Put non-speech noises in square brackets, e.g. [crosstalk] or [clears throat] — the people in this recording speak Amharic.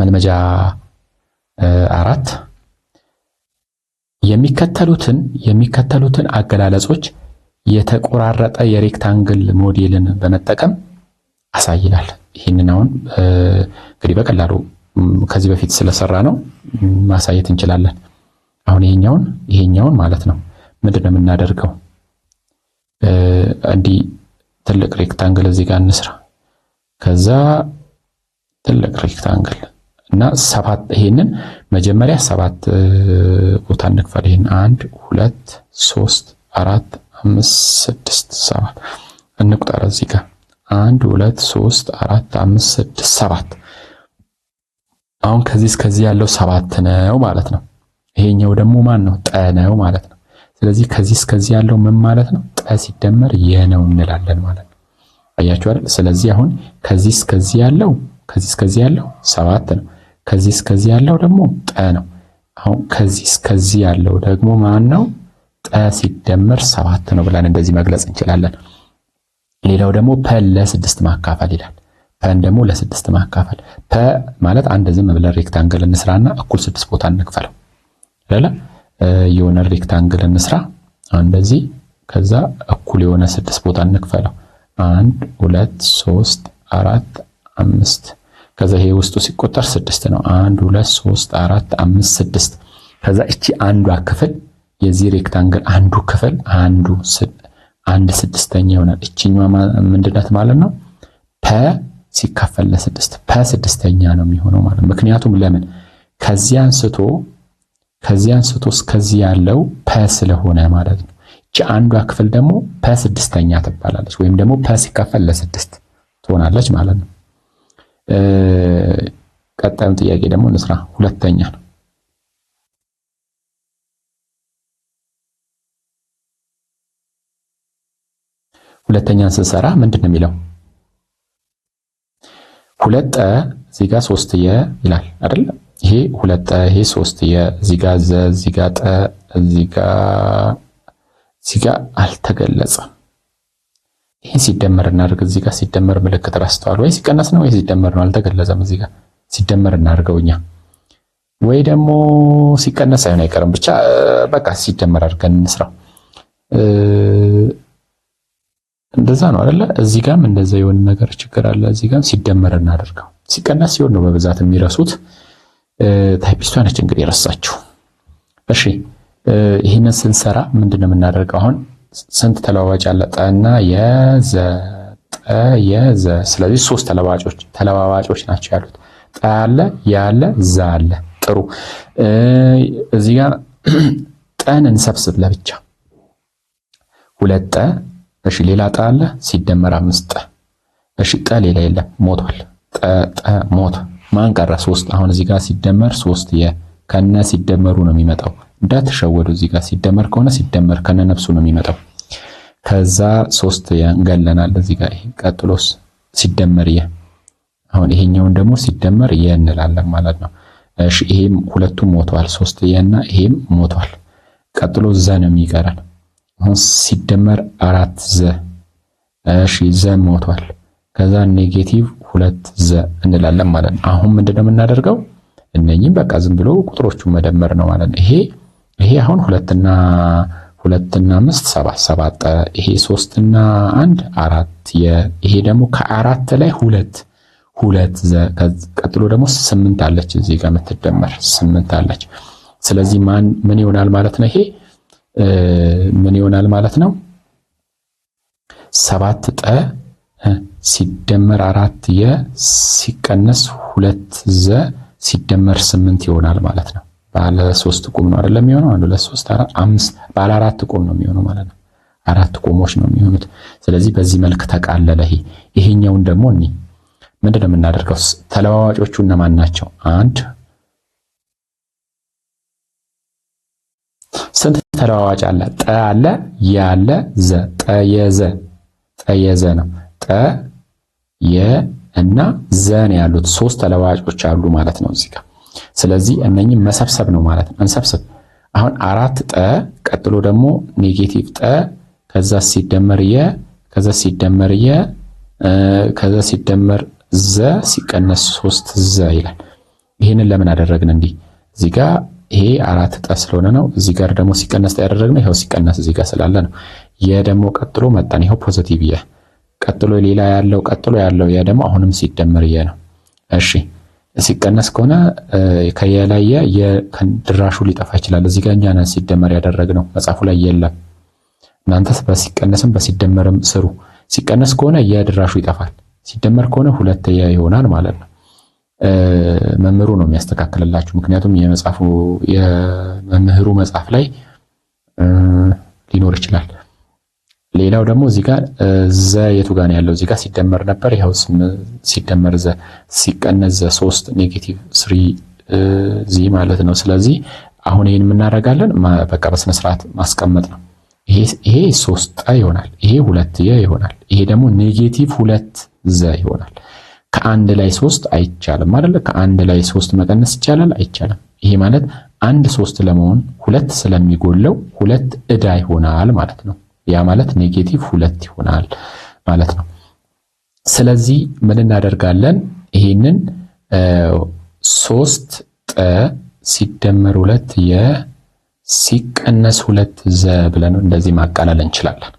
መልመጃ አራት የሚከተሉትን የሚከተሉትን አገላለጾች የተቆራረጠ የሬክታንግል ሞዴልን በመጠቀም አሳይላል። ይህንን አሁን እንግዲህ በቀላሉ ከዚህ በፊት ስለሰራ ነው ማሳየት እንችላለን። አሁን ይሄኛውን ይሄኛውን ማለት ነው ምንድን ነው የምናደርገው? እንዲህ ትልቅ ሬክታንግል እዚህ ጋር እንስራ። ከዛ ትልቅ ሬክታንግል እና ሰባት ይሄንን መጀመሪያ ሰባት ቦታ እንክፈል። ይሄን አንድ ሁለት ሶስት አራት አምስት ስድስት ሰባት እንቁጠር። እዚህ ጋር አንድ ሁለት ሶስት አራት አምስት ስድስት ሰባት። አሁን ከዚህ እስከዚህ ያለው ሰባት ነው ማለት ነው። ይሄኛው ደግሞ ማን ነው? ጠ ነው ማለት ነው። ስለዚህ ከዚህ እስከዚህ ያለው ምን ማለት ነው? ጠ ሲደመር የ ነው እንላለን ማለት ነው። አያችሁ አይደል? ስለዚህ አሁን ከዚህ እስከዚህ ያለው ከዚህ እስከዚህ ያለው ሰባት ነው። ከዚህ እስከዚህ ያለው ደግሞ ጠ ነው። አሁን ከዚህ እስከዚህ ያለው ደግሞ ማን ነው? ጠ ሲደመር ሰባት ነው ብለን እንደዚህ መግለጽ እንችላለን። ሌላው ደግሞ ፐ ለስድስት ማካፈል ይላል። ፐን ደግሞ ለስድስት ማካፈል ፐ ማለት አንድ ዝም ብለን ሬክታንግል እንስራና እኩል ስድስት ቦታ እንክፈለው አይደለ? የሆነ ሬክታንግል እንስራ እንደዚህ፣ ከዛ እኩል የሆነ ስድስት ቦታ እንክፈለው። አንድ ሁለት ሶስት አራት አምስት ከዛ ይሄ ውስጡ ሲቆጠር ስድስት ነው። አንድ ሁለት ሶስት አራት አምስት ስድስት። ከዛ እቺ አንዷ ክፍል የዚህ ሬክታንግል አንዱ ክፍል አንዱ አንድ ስድስተኛ ይሆናል። እቺኛዋ ምንድነት ማለት ነው? ፐ ሲካፈል ለስድስት ፐ ስድስተኛ ነው የሚሆነው ማለት ነው። ምክንያቱም ለምን ከዚህ አንስቶ ከዚህ አንስቶ እስከዚህ ያለው ፐ ስለሆነ ማለት ነው። እቺ አንዷ ክፍል ደግሞ ፐ ስድስተኛ ትባላለች፣ ወይም ደግሞ ፐ ሲካፈል ለስድስት ትሆናለች ማለት ነው። ቀጣዩን ጥያቄ ደግሞ እንስራ። ሁለተኛ ነው። ሁለተኛን ስንሰራ ምንድን ነው የሚለው? ሁለጠ ዚጋ ጋር ሶስትየ ይላል አይደል? ይሄ ሁለጠ፣ ይሄ ሶስትየ፣ የ ዚጋ ዘ፣ ዚጋ ጠ፣ ዚጋ ጋር አልተገለጸም። ይህን ሲደመር እናድርግ። እዚህ ጋር ሲደመር ምልክት ረስተዋል ወይ ሲቀነስ ነው ወይ ሲደመር ነው አልተገለጸም። እዚህ ጋር ሲደመር እናድርገው እኛ ወይ ደግሞ ሲቀነስ አይሆን አይቀርም። ብቻ በቃ ሲደመር አድርገን እንስራው። እንደዛ ነው አይደለ? እዚህ ጋም እንደዛ የሆነ ነገር ችግር አለ። እዚህ ጋም ሲደመር እናደርገው። ሲቀነስ ሲሆን ነው በብዛት የሚረሱት። ታይፒስቷ ነች እንግዲህ የረሳችሁ። እሺ ይህንን ስንሰራ ምንድን ነው የምናደርገው አሁን ስንት ተለዋዋጭ አለ? ጠና የዘ ጠ የዘ። ስለዚህ ሶስት ተለዋዋጮች ተለዋዋጮች ናቸው ያሉት። ጠ አለ፣ ያ ዛ አለ። ጥሩ። እዚህ ጋር [clears throat] ጠን እንሰብስብ ለብቻ ሁለት ጠ። እሺ፣ ሌላ ጠ አለ፣ ሲደመር አምስት ጠ። እሺ፣ ጠ ሌላ የለም፣ ሞቷል። ጠ ጠ ማን ቀረ? ሶስት። አሁን እዚህ ጋር ሲደመር ሶስት የከነ ሲደመሩ ነው የሚመጣው እንዳትሸወዱ። እዚህ ጋር ሲደመር ከሆነ ሲደመር ከነ ነፍሱ ነው የሚመጣው። ከዛ ሶስት ገለናል እዚህ ጋር ቀጥሎስ ሲደመር የ አሁን ይሄኛውን ደግሞ ሲደመር የ እንላለን ማለት ነው። እሺ ይሄም ሁለቱም ሞቷል። ሶስት የና ይሄም ሞቷል። ቀጥሎ ዘ ነው የሚቀረን። አሁን ሲደመር አራት ዘ። እሺ ዘ ሞቷል። ከዛ ኔጌቲቭ ሁለት ዘ እንላለን ማለት ነው። አሁን ምንድነው የምናደርገው? እነኚህም በቃ ዝም ብሎ ቁጥሮቹን መደመር ነው ማለት ነው ይሄ ይሄ አሁን ሁለትና ሁለትና አምስት ሰባት ሰባት ይሄ ሶስትና አንድ አራት ይሄ ደግሞ ከአራት ላይ ሁለት ሁለት ቀጥሎ ደግሞ ስምንት አለች እዚህ ጋር የምትደመር ስምንት አለች። ስለዚህ ማን ምን ይሆናል ማለት ነው? ይሄ ምን ይሆናል ማለት ነው? ሰባት ጠ ሲደመር አራት የ ሲቀነስ ሁለት ዘ ሲደመር ስምንት ይሆናል ማለት ነው። ባለ ሶስት ቁም ነው አይደለም የሚሆነው። አንድ ሁለት ሶስት አራት አምስት ባለ አራት ቁም ነው የሚሆነው ማለት ነው። አራት ቁሞች ነው የሚሆኑት። ስለዚህ በዚህ መልክ ተቃለለ። ይሄ ይሄኛውን ደግሞ እኒ ምንድን ነው የምናደርገው? ተለዋዋጮቹ እነማን ናቸው? አንድ ስንት ተለዋዋጭ አለ? ጠ አለ፣ የ አለ፣ ዘ ጠየዘ ጠየዘ ነው ጠ የ እና ዘን ያሉት ሶስት ተለዋዋጮች አሉ ማለት ነው እዚህ ጋር ስለዚህ እነኝም መሰብሰብ ነው ማለት ነው። መሰብሰብ አሁን አራት ጠ፣ ቀጥሎ ደግሞ ኔጌቲቭ ጠ፣ ከዛ ሲደመር የ፣ ከዛ ሲደመር የ፣ ከዛ ሲደመር ዘ፣ ሲቀነስ ሶስት ዘ ይላል። ይህንን ለምን አደረግን እንዲህ? እዚህ ጋር ይሄ አራት ጠ ስለሆነ ነው። እዚህ ጋር ደግሞ ሲቀነስ ያደረግነው ይኸው ሲቀነስ እዚህ ጋር ስላለ ነው። የ ደግሞ ቀጥሎ መጣን። ይኸው ፖዚቲቭ የ፣ ቀጥሎ ሌላ ያለው ቀጥሎ ያለው የ ደግሞ አሁንም ሲደመር የ ነው። እሺ ሲቀነስ ከሆነ ከየላየ ድራሹ ሊጠፋ ይችላል። እዚህ ጋር እኛ ሲደመር ያደረግነው መጽሐፉ ላይ የለም። እናንተ በሲቀነስም በሲደመርም ስሩ። ሲቀነስ ከሆነ የድራሹ ይጠፋል፣ ሲደመር ከሆነ ሁለት የ ይሆናል ማለት ነው። መምህሩ ነው የሚያስተካክልላችሁ። ምክንያቱም የመምህሩ መጽሐፍ ላይ ሊኖር ይችላል። ሌላው ደግሞ እዚህ ጋር ዘ የቱ ጋር ያለው? እዚህ ጋር ሲደመር ነበር። ይኸው ሲደመር ዘ ሲቀነስ ዘ ሶስት ኔጌቲቭ ስሪ ዚ ማለት ነው። ስለዚህ አሁን ይህን የምናደርጋለን በቃ በስነ ስርዓት ማስቀመጥ ነው። ይሄ ሶስት ጠ ይሆናል። ይሄ ሁለት የ ይሆናል። ይሄ ደግሞ ኔጌቲቭ ሁለት ዘ ይሆናል። ከአንድ ላይ ሶስት አይቻልም አይደለ? ከአንድ ላይ ሶስት መቀነስ ይቻላል አይቻልም? ይሄ ማለት አንድ ሶስት ለመሆን ሁለት ስለሚጎለው ሁለት እዳ ይሆናል ማለት ነው። ያ ማለት ኔጌቲቭ ሁለት ይሆናል ማለት ነው። ስለዚህ ምን እናደርጋለን? ይሄንን ሶስት ጠ ሲደመር ሁለት የ ሲቀነስ ሁለት ዘ ብለን እንደዚህ ማቃለል እንችላለን።